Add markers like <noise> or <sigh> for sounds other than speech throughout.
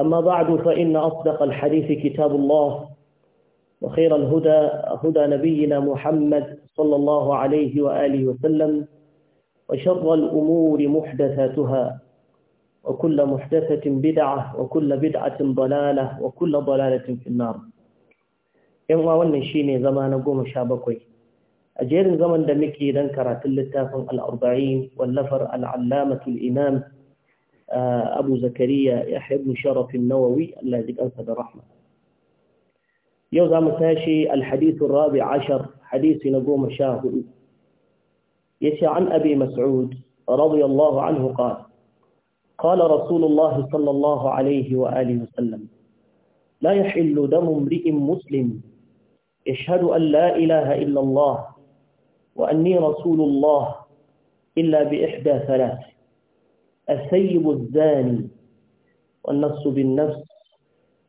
أما بعد فإن أصدق الحديث كتاب الله وخير الهدى هدى نبينا محمد صلى الله عليه وآله وسلم وشر الأمور محدثاتها وكل محدثة بدعة وكل بدعة ضلالة وكل ضلالة في النار إن wannan shine zama na 17 a jerin zaman da muke dan karatun littafin al آه، أبو زكريا يحيى بن شرف النووي الذي أنسب رحمه يوزع مساشي الحديث الرابع عشر حديث نقوم شاهد يسعى عن أبي مسعود رضي الله عنه قال قال رسول الله صلى الله عليه وآله وسلم لا يحل دم امرئ مسلم يشهد أن لا إله إلا الله وأني رسول الله إلا بإحدى ثلاث الثيب الزاني والنص بالنفس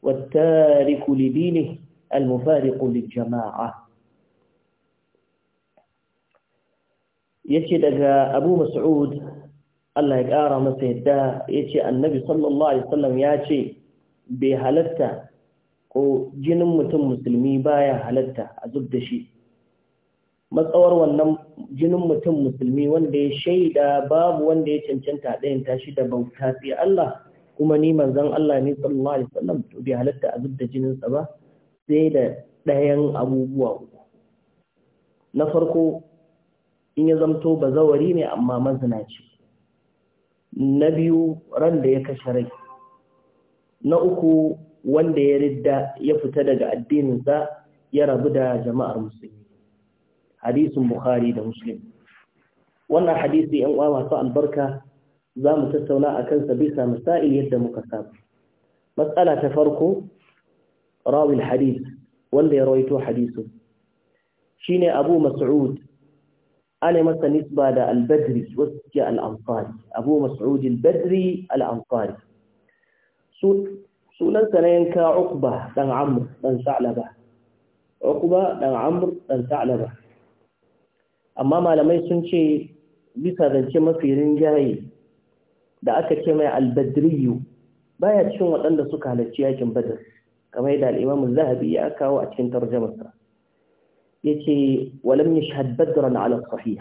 والتارك لدينه المفارق للجماعة يشهد أبو مسعود الله يقارى مسيدا يشهد النبي صلى الله عليه وسلم يأتي بهلتا ko jinin مسلمي بايا هلتا halatta matsawar wannan jinin mutum musulmi wanda ya shaida babu wanda ya cancanta ɗayan tashi da bauta fi Allah kuma ni manzon Allah ne sallallahu alaihi wasallam to bai halatta a zubda jinin sa ba sai da ɗayan abubuwa uku na farko in ya zamto bazawari ne amma ce. na biyu ran da ya kashe rai na uku wanda ya ridda ya fita daga addinin sa ya rabu da jama'ar musulmi hadisin bukhari da muslim wannan hadisi yan uwa masu albarka za mu tattauna a kansa bisa misa'il yadda muka saba matsala ta farko rawil hadis wanda ya rawaito hadisin shine abu mas'ud ana masa nisba da al-badri wasu ke al-ansari abu mas'ud al-badri al-ansari sunansa na yanka uqba dan amr dan sa'laba uqba dan amr dan sa'laba amma malamai sun ce bisa zance mafi rinjaye da aka ce mai albadriyu baya cikin waɗanda suka halarci yakin badar kamar da al'imamu zahabi ya kawo a cikin tarjamarsa ya ce walam ya shahad badran ala sahih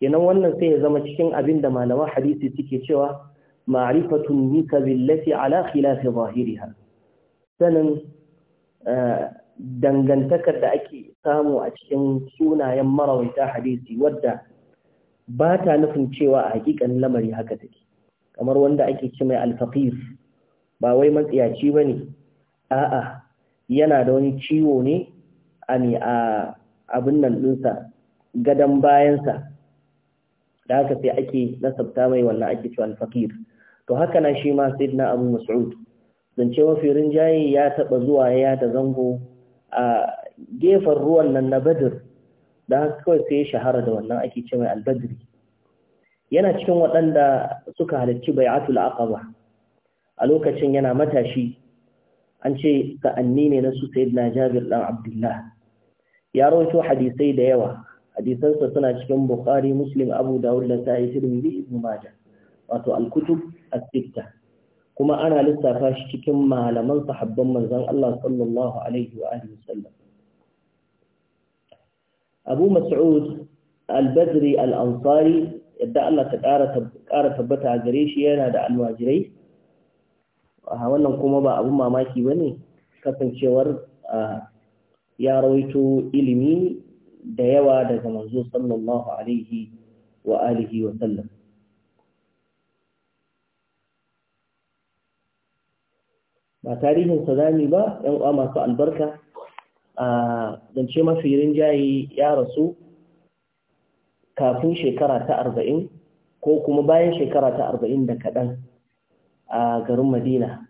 kenan wannan sai ya zama cikin abin da malaman hadisi suke cewa ma'rifatun nika billati ala khilafi zahiriha sanin eh, dangantakar da ake samu a cikin sunayen marawaita hadisi wadda ba ta nufin cewa a hakikan lamari haka take kamar wanda ake ci mai alfaqir ba wai matsiyaci bane a'a yana da wani ciwo ne a ne a abin nan dinsa gadan bayansa da haka sai ake nasabta mai wannan ake cewa alfaqir to haka na shi ma sayyidina abu mas'ud zance mafi rinjaye ya taba zuwa ya ta zango a gefen ruwan nan na badir da haka kawai sai ya shahara da wannan ake ce mai albadri yana cikin waɗanda suka halarci bai bai'atul aqaba a lokacin yana matashi an ce sa'anni ne na su na Jabir ɗan Abdullah ya rawaito hadisai da yawa hadisansa suna cikin Bukhari Muslim Abu Dawud da Sahih Tirmidhi Ibn Majah wato al-kutub as-sittah kuma ana lissafa shi cikin malaman sahabban manzon Allah sallallahu alaihi wa alihi wasallam Abu Mas'ud Al-Badri Al-Ansari yadda Allah ta ƙara tabbata a gare shi yana da almajirai ah, wannan kuma ba abun mamaki bane kasancewar ah, ya rawaito ilimi da yawa daga manzo sallallahu alaihi wa wa sallam ba tarihin sa zami ba yan uwa masu albarka a zance mafi rinjaye ya rasu kafin shekara ta arba'in ko kuma bayan shekara ta arba'in da kaɗan a garin madina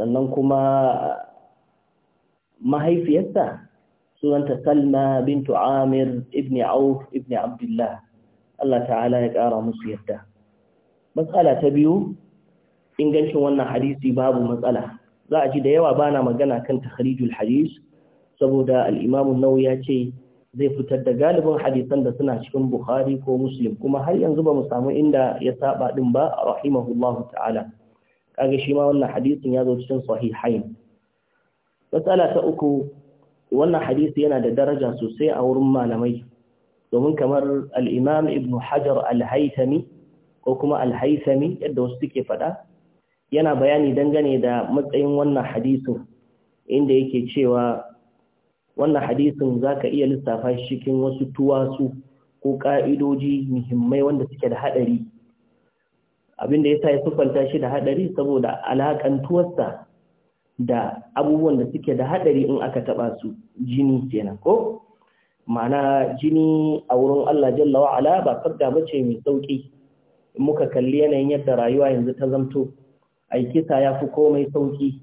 sannan kuma mahaifiyarsa sunanta salma bintu amir ibn auf ibn abdullah Allah ta'ala ya ƙara musu yadda matsala ta biyu ingancin wannan hadisi babu matsala za a ji da yawa bana magana kan takharijul hadis saboda al-Imam an-Nawawi ya ce zai fitar da galibin hadisan da suna cikin Bukhari ko Muslim kuma har yanzu ba mu samu inda ya saba din ba rahimahullahu ta'ala kaga shi ma wannan hadisin ya zo cikin sahihain matsala ta uku wannan hadisi yana da daraja sosai a wurin malamai domin kamar al-Imam Ibn Hajar al-Haythami ko kuma al-Haythami yadda wasu suke faɗa yana bayani dangane da matsayin wannan hadisin inda yake cewa wannan hadisin za ka iya lissafa shi cikin wasu tuwasu ko ƙa'idoji muhimmai wanda suke da haɗari abinda ya sa ya sufanta shi da haɗari saboda alaƙantuwarsa da abubuwan da suke da haɗari in aka taɓa su jini kenan ko ma'ana jini a wurin Allah jalla wa'ala ba farga bace mai sauƙi muka kalli yanayin yadda rayuwa yanzu ta zamto ai kisa ya fi komai sauki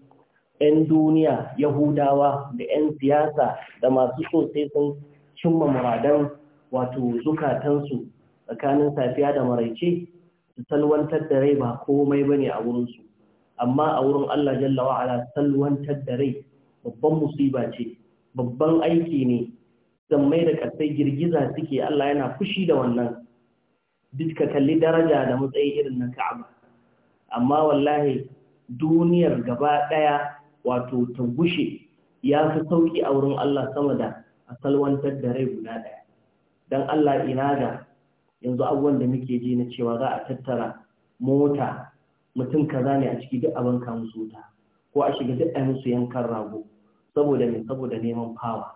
‘yan duniya yahudawa da ‘yan siyasa da masu sosai sun cimma muradan wato zukatansu tsakanin safiya da maraice su salwantar da rai ba komai ba ne a wurinsu amma a wurin Allah jalla wa'ala salwantar da rai babban musiba ce babban aiki ne Zan mai da kasai girgiza suke Allah yana fushi da wannan duk ka kalli daraja da matsayi irin na Ka'aba amma wallahi duniyar gaba ɗaya wato ta gushe ya fi sauƙi a wurin Allah sama da a salwantar da rai guda ɗaya don Allah ina ga yanzu abubuwan da muke ji na cewa za a tattara mota mutum kaza ne a ciki duk abin kamun wuta ko a shiga duk ɗan su yankan rago saboda mai saboda neman fawa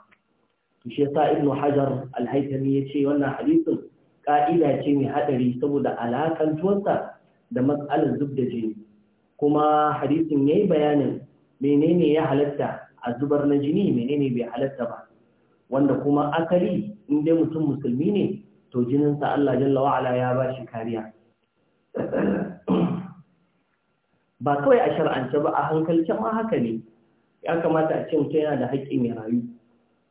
to shi yasa ibnu hajar alhaitami ya ce wannan hadisin ƙa'ida ce mai haɗari saboda alakantuwarsa da matsalar zub da jini kuma hadisin yayi bayanin menene ya halatta a zubar na jini menene bai halatta ba wanda kuma akali inda mutum musulmi ne to jininsa Allah jalla wa'ala ya ba shi kariya <clears throat> ba kawai a shar'ance ba a hankalce ma haka ne ya kamata a ce mutum yana da haƙƙin ya rayu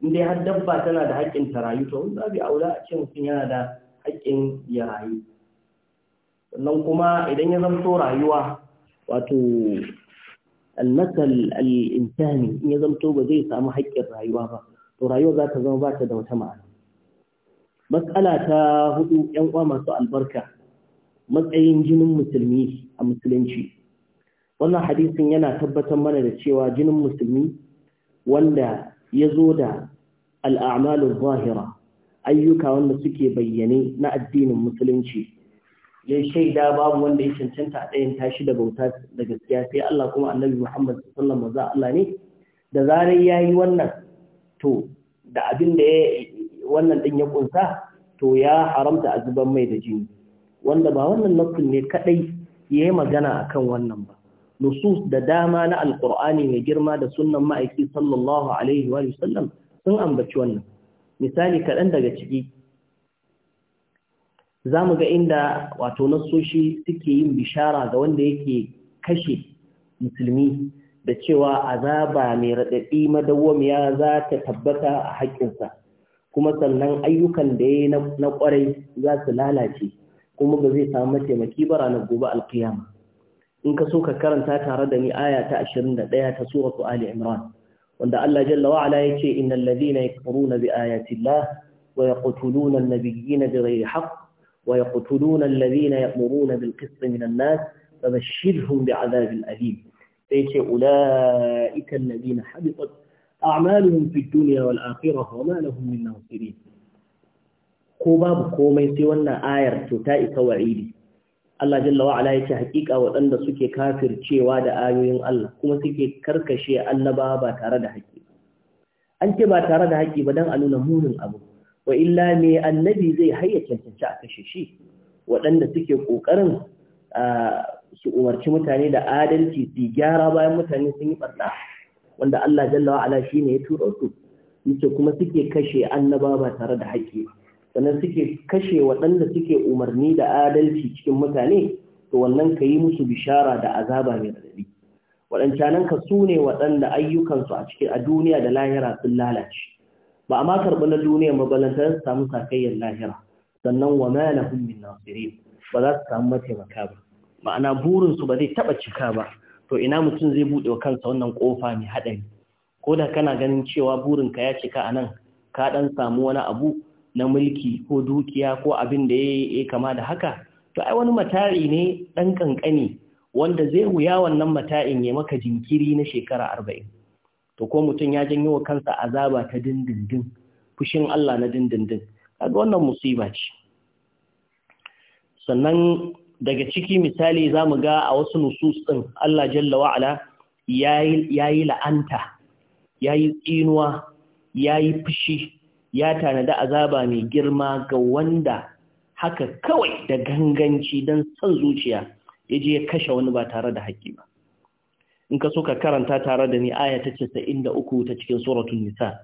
in dai har dabba tana da haƙƙin ta rayu to wani babu aula a ce mutum yana da haƙƙin ya rayu sannan kuma idan ya zamto rayuwa wato almasal insani in ya zamto ba zai samu haƙƙin rayuwa ba to rayuwa za ta zama ba ta da wata ma'ana matsala ta hudu yan uwa masu albarka matsayin jinin musulmi a musulunci wannan hadisin yana tabbatar mana da cewa jinin musulmi wanda ya zo da al'amalin zahira ayyuka wanda suke bayyane na addinin musulunci ya shaida babu wanda ya cancanta a ɗayan tashi da bauta da gaskiya sai Allah kuma annabi Muhammad sallallahu alaihi Allah ne da zarar yayi wannan to da abin da ya wannan din ya kunsa to ya haramta a zubar mai da jini wanda ba wannan nassin ne kadai yayi magana akan wannan ba nusus da dama na alqur'ani mai girma da sunnan ma'aiki sallallahu alaihi wa sallam sun ambaci wannan misali kaɗan daga ciki za mu ga inda wato nasoshi suke yin bishara ga wanda yake kashe musulmi da cewa azaba mai raɗaɗi madawwamiya za ta tabbata a haƙƙinsa kuma sannan ayyukan da ya na ƙwarai za su lalace kuma ba zai samu mataimaki ba ranar gobe alkiyama in ka so ka karanta tare da ni aya ta 21 ta suratu ali imran wanda Allah jalla wa ala yace innal ladina yakfuruna bi ayati llah wa yaqtuluna an-nabiyina bighayri haqq ويقتلون الذين يأمرون بالقسط من الناس فبشرهم بعذاب أليم فيتي أولئك الذين حبطت أعمالهم في الدنيا والآخرة وما لهم من ناصرين كوباب كومي سيوانا آير تتائك وعيدي Allah jalla wa ala yace hakika waɗanda suke kafircewa da ayoyin Allah kuma suke karkashe annaba ba tare da haƙƙi an ce ba tare da haƙƙi ba dan a nuna munin abu wa illa me annabi zai hayya cancanci a kashe shi waɗanda suke ƙoƙarin su umarci mutane da adalci su gyara bayan mutane sun yi ɓarna wanda Allah jalla wa ala shine ya tura su yace kuma suke kashe annaba ba tare da haƙƙi sannan suke kashe waɗanda suke umarni da adalci cikin mutane to wannan ka yi musu bishara da azaba mai raɗaɗi waɗancanan ka su ne waɗanda ayyukansu a cikin a duniya da lahira sun lalace ba ma karɓi na duniya mabalantar su samu sakayyar lahira sannan wa ma lahum min ba za su samu mataimaka ba ma'ana burinsu ba zai taɓa cika ba to ina mutum zai buɗe wa kansa wannan ƙofa mai haɗari? ko da kana ganin cewa burinka ya cika anan ka ɗan samu wani abu na mulki ko dukiya ko abin da ya yi kama da haka to ai wani mata'i ne ɗan ƙanƙani wanda zai wuya wannan mata'in ya maka jinkiri na shekara arba'in to ko mutum ya janyo wa kansa azaba ta dindindin fushin Allah na dindindin kaga wannan musiba ce sannan daga ciki misali zamu ga a wasu nusus din Allah jalla wa'ala ya yi la'anta ya yi tsinuwa ya yi fushi ya tanada azaba mai girma ga wanda haka kawai da ganganci don son zuciya ya je ya kashe wani ba tare da haƙi ba in ka so ka karanta tare da ni aya ta 93 ta cikin suratul nisa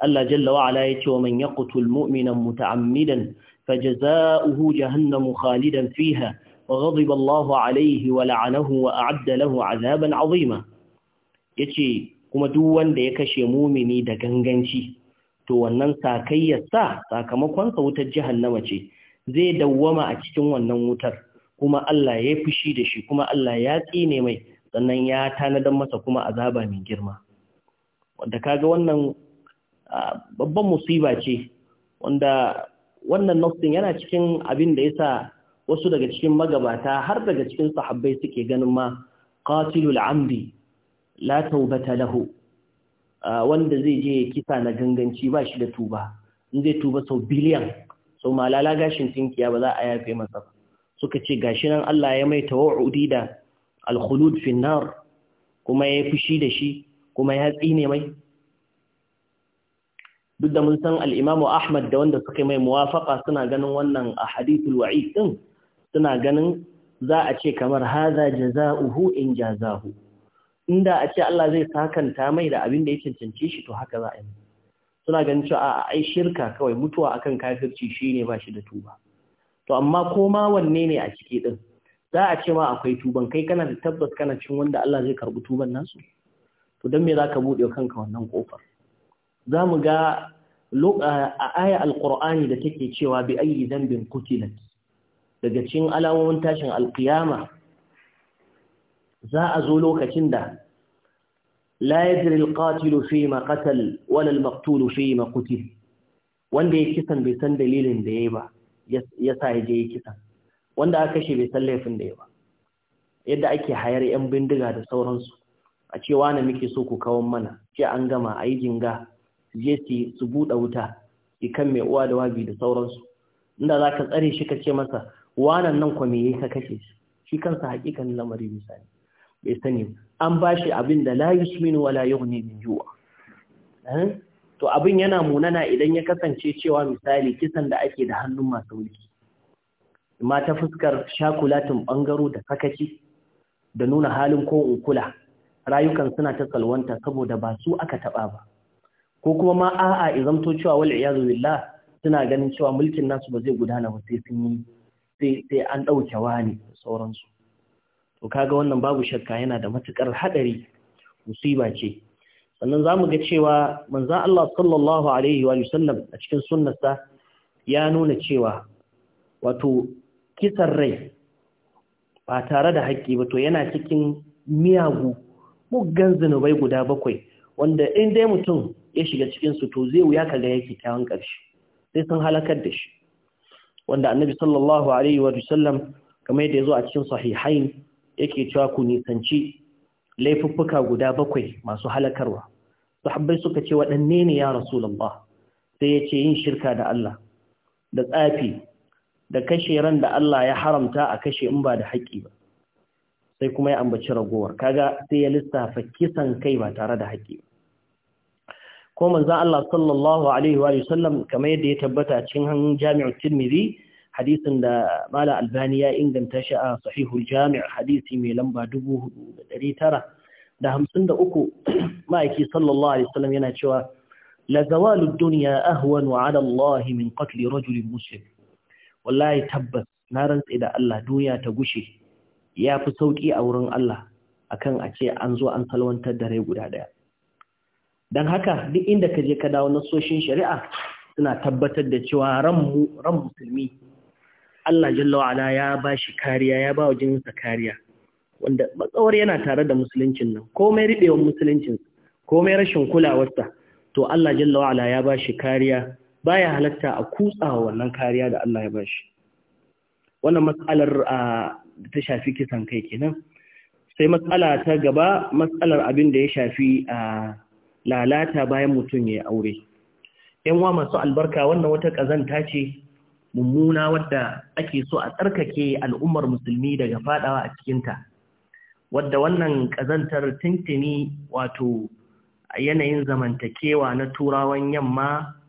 Allah jalla wa ala yace wa man yaqtul mu'mina muta'ammidan fajaza'uhu jahannam khalidan fiha wa ghadiba Allahu alayhi wa la'anahu wa a'adda lahu 'adaban 'azima yace kuma duk wanda ya kashe mumini da ganganci to wannan sakayyarsa sakamakon sa wutar jahannama ce zai dawwama a cikin wannan wutar kuma Allah ya fushi da shi kuma Allah ya tsine mai sannan ya tanadar masa kuma azaba mai girma wanda kaga wannan babban musiba ce wanda wannan nafsin yana cikin abin da yasa wasu daga cikin magabata har daga cikin sahabbai suke ganin ma qatilul amdi la taubata lahu wanda zai je kisa na ganganci ba shi da tuba in zai tuba sau biliyan sau malala gashin tinkiya ba za a yafe masa suka ce gashi nan Allah ya mai tawa'udi da alkhulud fi nar kuma ya fushi da shi kuma ya tsine mai duk da mun san al-Imam Ahmad da wanda suka mai muwafaka suna ganin wannan ahadithul wa'id din suna ganin za a ce kamar hadha jazaohu in jazahu inda a ce Allah zai sakanta mai da abin da ya cancanci shi to haka za a yi suna ganin cewa a ai shirka kawai mutuwa akan kafirci shine ba shi da tuba to amma koma wanne ne a ciki din za a ce ma akwai tuban kai kana da tabbas kana cin wanda Allah zai karbi tuban nasu to dan me zaka bude kanka wannan kofar za mu ga a aya alqur'ani da take cewa bi ayi dambin kutilat daga cikin alamomin tashin alqiyama za a zo lokacin da la yadri alqatilu fi ma qatal wala almaqtulu fi ma qutil wanda ya kisan bai san dalilin da yayi ba ya ya je kisan wanda aka kashe bai san laifin da ya ba yadda ake hayar yan bindiga da sauransu a cewa na muke so ku kawo mana ce an gama a yi jinga je su buɗe wuta su kan mai uwa da wabi da sauransu inda za ka tsare shi ka ce masa wanan nan kwa ya ka kashe shi shi kansa hakikan lamari misali bai sani an ba shi abin da la yusminu wala yughni min ju'a eh? to abin yana munana idan ya kasance cewa misali kisan da ake da hannun masu mulki ma ta fuskar shakulatin bangaro da sakaci da nuna halin ko in kula rayukan suna ta salwanta saboda ba su aka taɓa ba ko kuma ma a'a izamto cewa wal iyazu billah suna ganin cewa mulkin nasu ba zai gudana ba sai sun yi sai an dauke wani sauransu to kaga wannan babu shakka yana da matukar hadari musiba ce sannan zamu ga cewa manzon Allah sallallahu alaihi wa sallam a cikin sunnarsa ya nuna cewa wato kisan rai ba tare da haƙƙi ba to yana cikin miyagu muggan zunubai guda bakwai wanda in dai mutum ya shiga cikin su to zai wuya kaga yake kyawun ƙarshe sai sun halakar da shi wanda annabi sallallahu alaihi wa sallam kamar yadda ya zo a cikin sahihain yake cewa ku nisanci laifuffuka guda bakwai masu halakarwa sahabbai suka ce waɗanne ne ya rasulullah sai ya ce yin shirka da Allah da tsafi da kashe ran da Allah ya haramta a kashe in ba da haƙƙi ba sai kuma ya ambaci ragowar kaga sai ya lissafa kisan kai ba tare da haƙƙi ba ko manzon Allah sallallahu alaihi wa sallam kamar yadda ya tabbata cikin Jami'u Tirmidhi hadisin da Mala Albani ya inganta shi a Sahihul Jami' hadisi mai lamba 4953 ma'aiki sallallahu alaihi wasallam yana cewa la zawalud dunya ahwanu ala Allah min qatl rajulin muslim wallahi tabbas na rantse da Allah duniya ta gushe ya fi sauƙi a wurin Allah akan a ce an zo an salwantar da rai guda ɗaya don haka duk inda ka je ka dawo nasoshin shari'a suna tabbatar da cewa ran musulmi Allah jalla wa'ala ya ba shi kariya ya ba wa jinsa kariya wanda matsawar yana tare da musuluncin nan komai riɓewar musuluncin komai rashin kulawarsa to Allah jalla wa'ala ya ba shi kariya baya halatta a kutsawa wannan kariya da Allah ya bashi wannan matsalar ta shafi kisan kai kenan sai matsala ta gaba matsalar abin da ya shafi a lalata bayan mutum ya aure yan wa masu albarka wannan wata ƙazanta ce mummuna wadda ake so a tsarkake al'ummar musulmi daga fadawa a cikinta wadda wannan ƙazantar Tintini wato yanayin zamantakewa na turawan yamma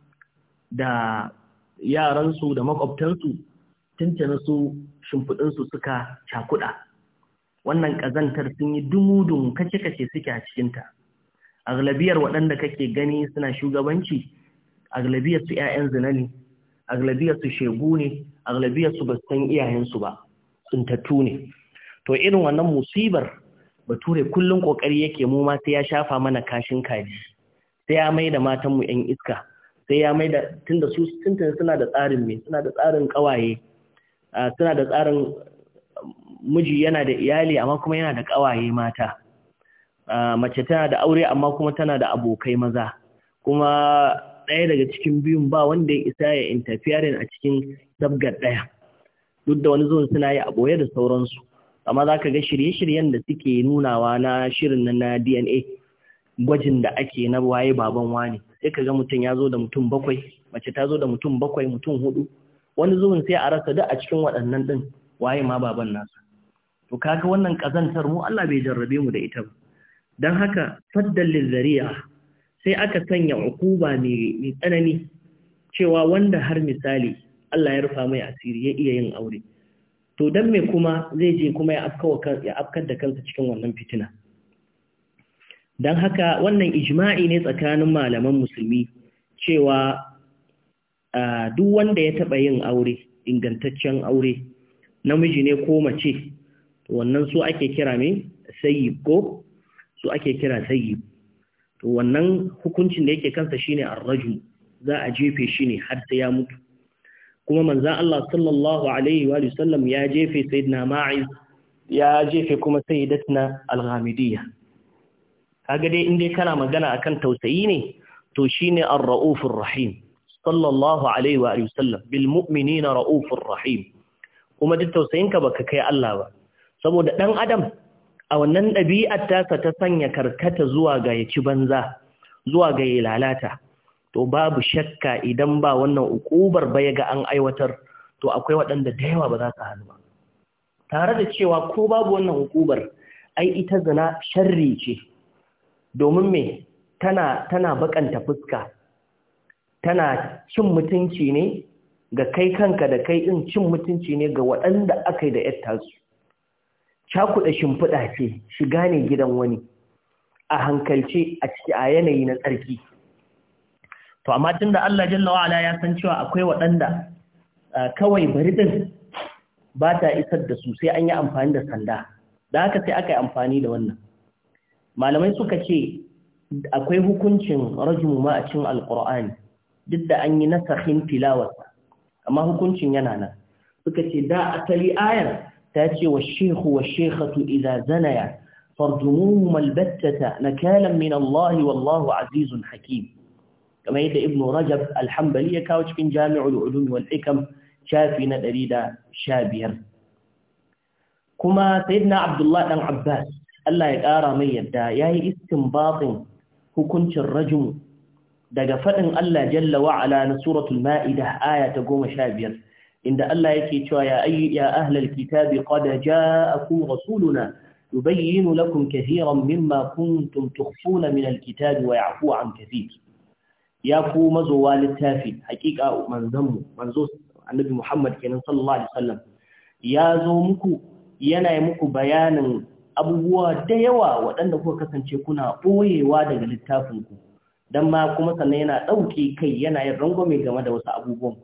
da yaransu da makwabtansu tuntuna su shimfiɗinsu suka cakuɗa wannan ƙazantar sun yi dumudun kace-kace suke a cikinta aglabiyar waɗanda kake gani suna shugabanci aglabiyar su 'ya'yan zina ne aglabiyar su shegu ne aglabiyar su ba san iyayensu ba tsintattu ne to irin wannan musibar bature kullum kokari yake mu ma sai ya shafa mana kashin kaji sai ya mai da matan mu yan iska sai ya mai da da su tuntun suna da tsarin me suna da tsarin kawaye suna da tsarin miji yana da iyali amma kuma yana da kawaye mata mace tana da aure amma kuma tana da abokai maza kuma ɗaya daga cikin biyun ba wanda ya isa ya interfering a cikin zabgar ɗaya duk da wani zuwan suna yi a ɓoye da sauransu amma za ka ga shirye-shiryen da suke nunawa na shirin na DNA gwajin da ake na waye baban wani sai ka ga mutum ya zo da mutum bakwai mace ta zo da mutum bakwai mutum hudu wani zuwan sai a rasa duk a cikin waɗannan ɗin waye ma baban nasa to kaga wannan kazantar mu Allah bai jarrabe mu da ita ba dan haka faddal lizariya sai aka sanya ukuba mai tsanani cewa wanda har misali Allah ya rufa mai asiri ya iya yin aure to dan me kuma zai je kuma ya afkar da kansa cikin wannan fitina don haka wannan ijma'i ne tsakanin malaman musulmi cewa duk wanda ya taɓa yin aure ingantaccen aure namiji ne ko mace wannan su ake kira me sayyib ko su ake kira sayyib wannan hukuncin da yake kansa shine arrajul za a jefe shi ne har sai ya mutu kuma manzan Allah sallallahu alaihi wa sallam ya jefe sayyidina ma'iz ya jefe kuma sayyidatina al-ghamidiyya kaga dai in dai kana magana akan tausayi ne to shine ar-raufur rahim sallallahu alaihi wa alihi wasallam bil mu'minina raufur rahim kuma duk tausayinka baka kai Allah ba saboda dan adam a wannan ɗabi'ar tasa ta sanya karkata zuwa ga yaci banza zuwa ga lalata to babu shakka idan ba wannan ukubar ba ya ga an aiwatar to akwai waɗanda da yawa ba za su halu ba tare da cewa ko babu wannan hukubar ai ita zina sharri ce domin me tana tana bakanta fuska tana cin mutunci ne ga kai kanka da kai in cin mutunci ne ga waɗanda aka yi da ‘yar tasu cakuɗa shimfiɗa ce shiga ne gidan wani a hankalce a ciki a yanayi na tsarki to amma tun da Allah jalla wa'ala ya san cewa akwai waɗanda kawai bari din ba ta isar da su sai an yi amfani da sanda da haka sai aka yi amfani da wannan malamai suka ce akwai hukuncin rajumu ma a cikin alƙur'ani duk da an yi nasakhin tilawarsa amma hukuncin yana nan suka ce da asali ayar ta ce wa shehu wa shekhatu idan zanaya malbattata na nakalan min Allah allah azizun hakim kamar yadda ibnu rajab alhambali ya kawo cikin jami'ul ulum wal ikam shafi na 115 kuma sayyidina abdullah dan abbas Allah ya ƙara mai yadda ya yi istinbatin hukuncin rajimu daga faɗin Allah jalla wa'ala na suratul ma'ida aya ta goma sha biyar inda Allah yake cewa ya ya ahlal kitabi qad ja'akum rasuluna yubayyinu lakum kathiran mimma kuntum tukhfuna min alkitabi wa ya'fu an kathir ya ku mazowa littafi hakika manzon manzo annabi Muhammad kenan sallallahu alaihi wasallam ya zo muku yana muku bayanin abubuwa da yawa waɗanda kuka kasance kuna ɓoyewa daga littafinku don ma kuma sannan yana ɗauke kai yana yin rangwame game da wasu abubuwan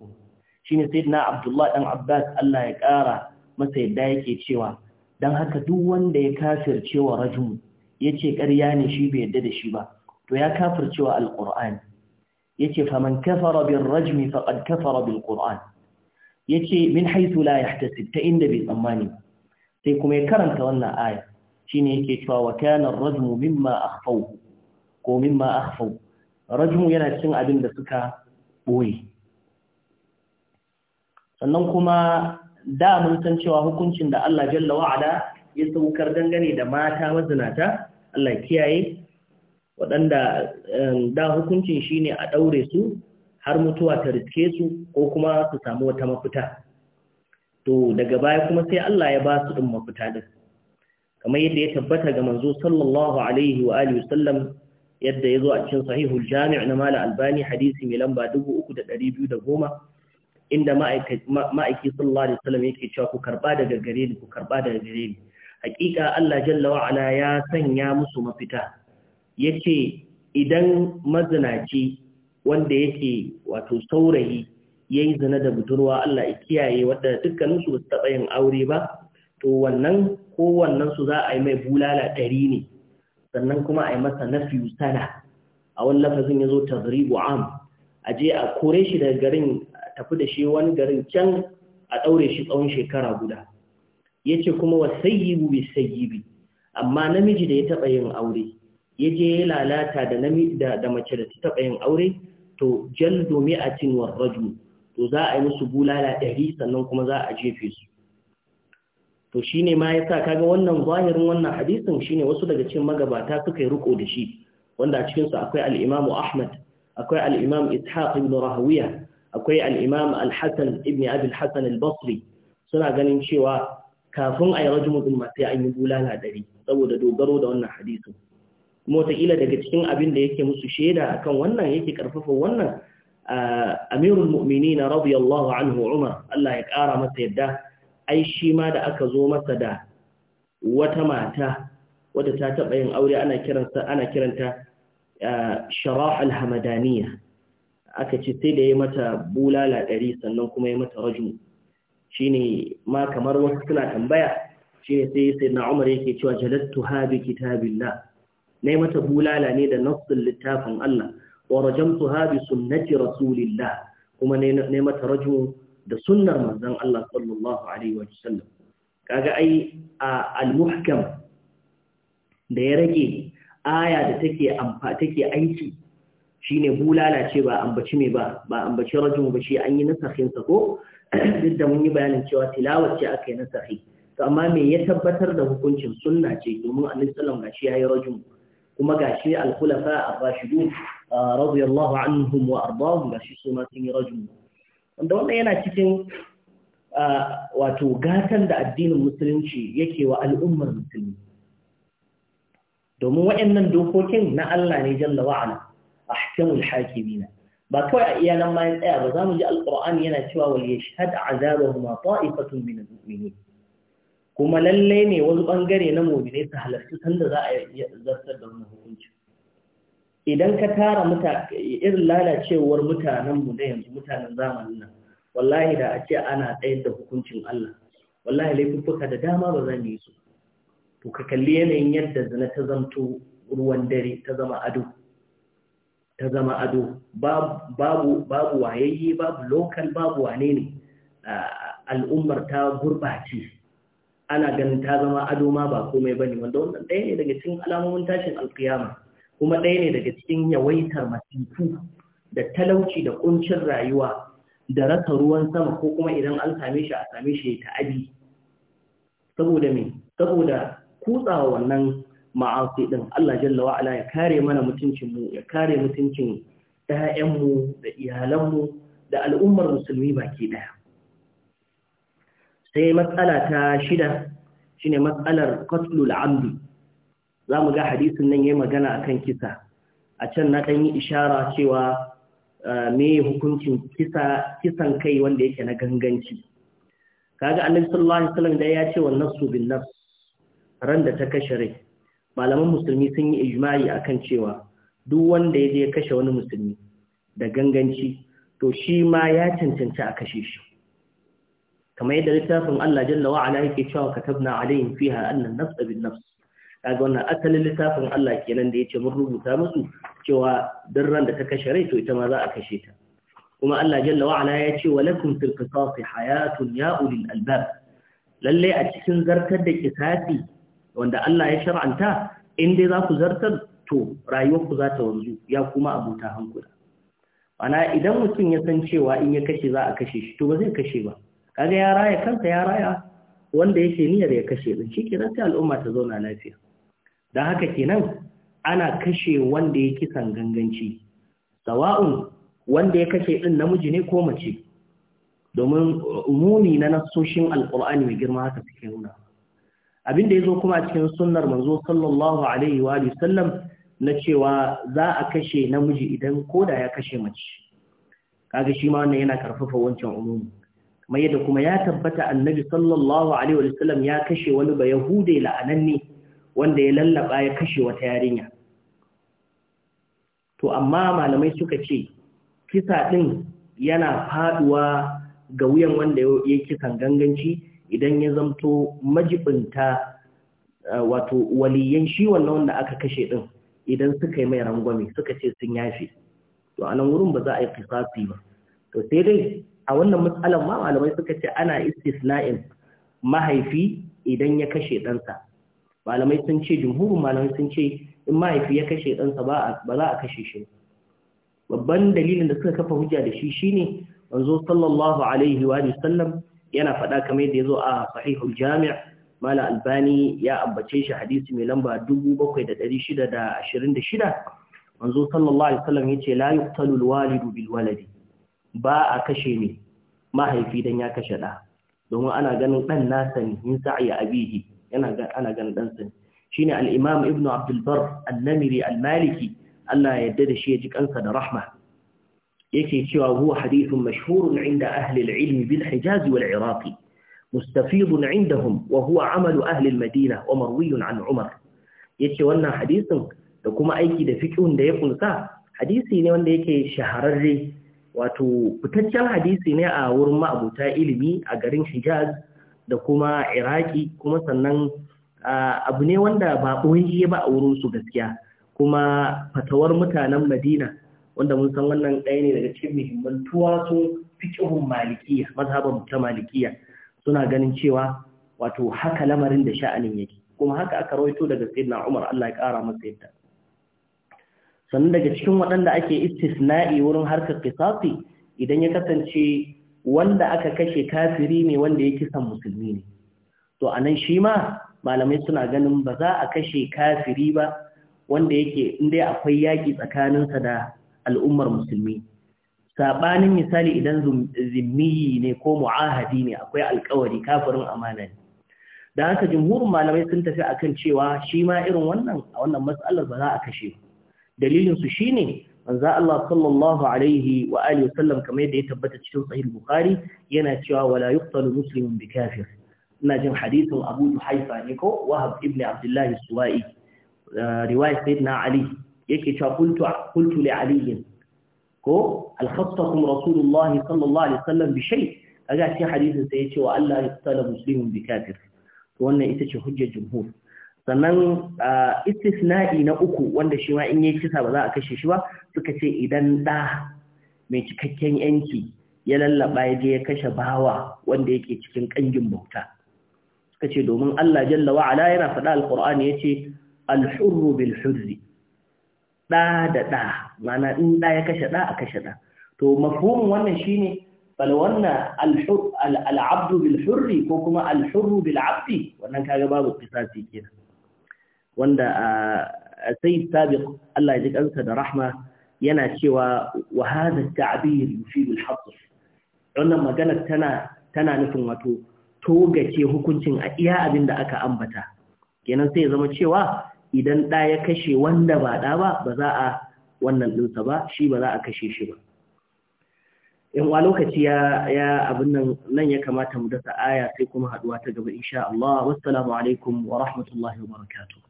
shi ne sai na abdullahi ɗan abbas allah ya ƙara masa yadda yake cewa don haka duk wanda ya kafir cewa rajmu ya ce ƙarya ne shi bai yadda da shi ba to ya kafir cewa alƙur'ani ya ce faman kafara bin rajmi faƙad kafara bil ƙur'an ya ce min haisu la yahtasib ta inda bai tsammani sai kuma ya karanta wannan aya shine yake cewa wa kana rajmu mimma akhfau ko mimma akhfau rajmu yana cikin abin da suka boye sannan kuma da mun san cewa hukuncin da Allah jalla wa'ada ya saukar dangane da mata mazinata Allah kiyaye waɗanda eh, da hukuncin shi ne a daure su har mutuwa ta riske su ko kuma su samu wata mafita to daga baya kuma sai Allah ya ba su din mafita din kamar yadda ya tabbata ga manzo sallallahu alaihi wa alihi wasallam yadda yazo a cikin sahihul jami' na mala albani hadisi mai lamba 3210 inda ma'aiki sallallahu alaihi wasallam yake cewa ku karba daga gare ni ku karba daga gare ni hakika Allah jalla wa ala ya sanya musu mafita yace idan mazinaci wanda yake wato saurayi yayi zina da budurwa Allah ya kiyaye wanda dukkaninsu ba su taba yin aure ba to wannan kowannen su za a yi mai bulala ɗari ne sannan kuma a yi masa nafiyu sana a wani lafazin ya zo tazribu am a je a kore shi daga garin tafi da shi wani garin can a ɗaure shi tsawon shekara guda ya ce kuma wa sayyibu bi sayyibi amma namiji da ya taɓa yin aure ya je ya lalata da mace da ta taɓa yin aure to domin a cin rajul to za a yi musu bulala ɗari sannan kuma za a jefe su to shi ne ma yasa kaga wannan zahirin wannan hadisin shine wasu daga cikin magabata suka yi riko da shi wanda a cikinsu akwai al'imamu Ahmad akwai al'imamu imam Ishaq ibn Rahawiya akwai al'imamu alhassan ibn Abi hassan Al-Basri suna ganin cewa kafin a yi din masu an yi bulala dari saboda dogaro da wannan hadisin kuma wataƙila daga cikin abin da yake musu shaida akan wannan yake karfafa wannan amirul mu'minina radiyallahu anhu Umar Allah ya ƙara masa yadda ai shi ma da aka zo masa da wata mata wadda ta taɓa yin aure ana kiranta al alhamadaniya aka ce sai da ya mata bulala ɗari sannan kuma ya mata raju shine ma kamar wasu suna tambaya shine sai sai na umar yake cewa jalattu habi kitabillah na yi mata bulala ne da nassin littafin Allah wa rajamtu habi sunnati rasulillah kuma ne mata raju da sunnar manzon Allah sallallahu alaihi wa sallam kaga ai al-muhkam da ya rage aya da take amfa take aiki shine bulala ce ba ambaci me ba ba ambaci rajul ba shi an yi nasakhin sa ko <clears throat> duk da mun yi bayanin cewa tilawar ce aka yi nasakhi to amma me ya tabbatar da hukuncin sunna ce domin annabi sallallahu alaihi gashi yayi rajul kuma gashi al-khulafa ar-rashidun radiyallahu anhum wa ardahum gashi su ma sun yi wanda wannan yana cikin wato gatan da addinin musulunci yake wa al'ummar musulmi domin waɗannan dokokin na Allah ne jalla wa'ala ahkamul hakimina ba kawai a iyanan mayan tsaya ba za mu ji alƙur'ani yana cewa wal yashhad azabahuma ta'ifatun min bina muminin kuma lallai ne wani bangare na mu'minai su halarci sanda za a zartar da wani hukunci idan ka tara irin lalacewar mutanenmu na yanzu mutanen zamanin nan wallahi da a ce ana tsayar da hukuncin Allah wallahi laifuffuka da dama ba za mu yi su to ka kalli yanayin yadda zina ta zanto ruwan dare ta zama ado ta zama ado babu babu wayayye babu local babu wane ne al'ummar ta gurbace ana ganin ta zama ado ma ba komai bane wanda wannan ɗaya ne daga cikin alamomin tashin alkiyama kuma ɗaya ne daga cikin yawaitar masifu da talauci da ƙuncin rayuwa da rasa ruwan sama ko kuma idan an same shi a same shi ta abi saboda me saboda kutsawa wannan ma'asi din Allah jalla wa ala ya kare mana mutuncin mu ya kare mutuncin ɗayan mu da iyalan mu da al'ummar musulmi baki ɗaya. sai matsala ta shida shine matsalar qatlul amdi za mu ga hadisin nan ya yi magana a kan kisa a can na ɗan yi ishara cewa eh, me hukuncin kisan kai wanda yake na ganganci kaga annabi sallallahu alaihi wasallam da ya ce wa su bin nafs ran da ta kashe rai malaman musulmi sun yi ijma'i akan cewa duk wanda ya je kashe wani musulmi da ganganci to shi ma ya cancanci a kashe shi kamar yadda littafin Allah jalla wa ala yake cewa katabna alaihim fiha annan nafs bin nafs kaga wannan asalin littafin Allah kenan da yace mun rubuta musu cewa duk ran da ta kashe rai to ita ma za a kashe ta kuma Allah jalla wa ala ya ce walakum fil qisas hayatun ya ulil albab lalle a cikin zartar da kisasi wanda Allah ya shar'anta in dai za ku zartar to rayuwar ku za ta wanzu ya kuma abuta hankula ana idan mutum ya san cewa in ya kashe za a kashe shi to ba zai kashe ba kaga ya raya kansa ya raya wanda yake niyyar ya kashe din shi ke sai al'umma ta zauna lafiya Da haka kenan ana kashe wanda ya kisan ganganci sawa'un wanda ya kashe din namiji ne ko mace domin umumi na nasoshin alkur'ani mai girma haka suke nuna abinda ya zo kuma a cikin sunnar manzo sallallahu alaihi wa sallam na cewa za a kashe namiji idan koda ya kashe mace kaga shi ma wannan yana karfafa wancan umumi Mai yadda kuma ya tabbata annabi sallallahu alaihi wa sallam ya kashe wani ba yahude la'ananne wanda ya lallaba ya kashe wata yarinya to amma malamai suka ce kisa ɗin yana faduwa ga wuyan wanda ya kisan ganganci idan ya zamto majibinta eh, wato waliyan shi wannan wanda aka kashe ɗin idan suka yi mai rangwame suka ce sun yafe to a nan wurin ba za a yi kisasi ba to sai dai a wannan matsalar ma malamai suka ce ana istisna'in mahaifi idan ya kashe ɗansa malamai sun ce jumhurin malamai sun ce in mahaifi ya kashe ɗansa ba za a kashe shi babban dalilin da suka kafa hujja da shi shine manzo sallallahu alaihi wa sallam yana faɗa kamar yadda ya zo a sahihul jami' mala albani ya ambace shi hadisi mai lamba 7626 manzo sallallahu alaihi wasallam yace la yuqtalu alwalidu waladi ba a kashe ne mahaifi dan ya kashe da domin ana ganin dan nasa ne yin sa'i abihi yana ana ganin ɗansa ne al ne al'imam ibn abdulbar annamiri al-maliki Allah ya yadda da shi ya ji kansa da rahma yake cewa huwa hadithun mashhurun inda ahli al-ilmi bil hijazi wal iraqi mustafidun indahum wa huwa amalu ahli al-madina wa marwiyun an umar yace wannan hadisin da kuma aiki da fiqhun da ya kunsa hadisi ne wanda yake shahararre wato fitaccen hadisi ne a wurin ma'abuta ilimi a garin Hijaz da kuma iraki kuma sannan abu ne wanda ba ya ba a wurin su gaskiya kuma fatawar mutanen madina wanda mun san wannan ɗaya ne daga cikin muhimman tuwasu fikihun malikiya mazhaban ta malikiya suna ganin cewa wato haka lamarin da sha'anin yake kuma haka aka rawaito daga sayyidina Umar Allah ya ƙara masa yadda sannan daga cikin waɗanda ake istisna'i wurin harkar qisasi idan ya kasance wanda aka kashe kafiri ne wanda ya kisan musulmi ne to anan shi ma malamai suna ganin ba za a kashe kafiri ba wanda yake inda akwai yaƙi tsakaninsa da al'ummar musulmi saɓanin misali idan zimmiyi ne ko mu'ahadi ne akwai alƙawari kafirin amana ne da haka jumhurin malamai sun tafi akan cewa shi ma irin wannan a wannan matsalar ba za a kashe dalilinsu shi ne manzo Allah sallallahu alaihi wa alihi wasallam kamar yadda ya tabbata cikin sahih bukhari yana cewa wala yuqtalu muslimun bi kafir ina jin hadisin Abu Juhaifa ne ko Wahab ibn Abdullah Suwa'i uh, riwayat sayyidina Ali yake cewa qultu qultu li Ali ko al-khattakum rasulullah sallallahu alaihi wasallam bi shay kaga cikin hadisin sai ya ce wa Allah yuqtalu muslimun bi kafir wannan ita ce hujjar jumhur sannan istisna'i na uku wanda shi ma in yi kisa ba za a kashe shi ba suka ce idan ɗa mai cikakken yanki ya lallaba ya je ya kashe bawa wanda yake cikin ƙangin bauta suka ce domin Allah jalla wa'ala yana faɗa alƙur'ani ya ce alhurru bil hurri ɗa da ɗa mana in ɗa ya kashe ɗa a kashe ɗa to mafhumin wannan shine bal wannan al'abdu bil hurri ko kuma alhurru bil abdi wannan kaga babu kisasi kenan wanda a sayyid sabiq Allah ya ji kansa da rahma yana cewa wa hadha at-ta'bir yufidu al-hasr wannan magana tana tana nufin wato togace hukuncin a iya abin da aka ambata kenan sai ya zama cewa idan ɗaya ya kashe wanda ba da ba ba za a wannan ɗinsa ba shi ba za a kashe shi ba in wa lokaci ya ya abin nan nan ya kamata mu dasa aya sai kuma haduwa ta gaba insha Allah wassalamu alaikum wa rahmatullahi wa barakatuh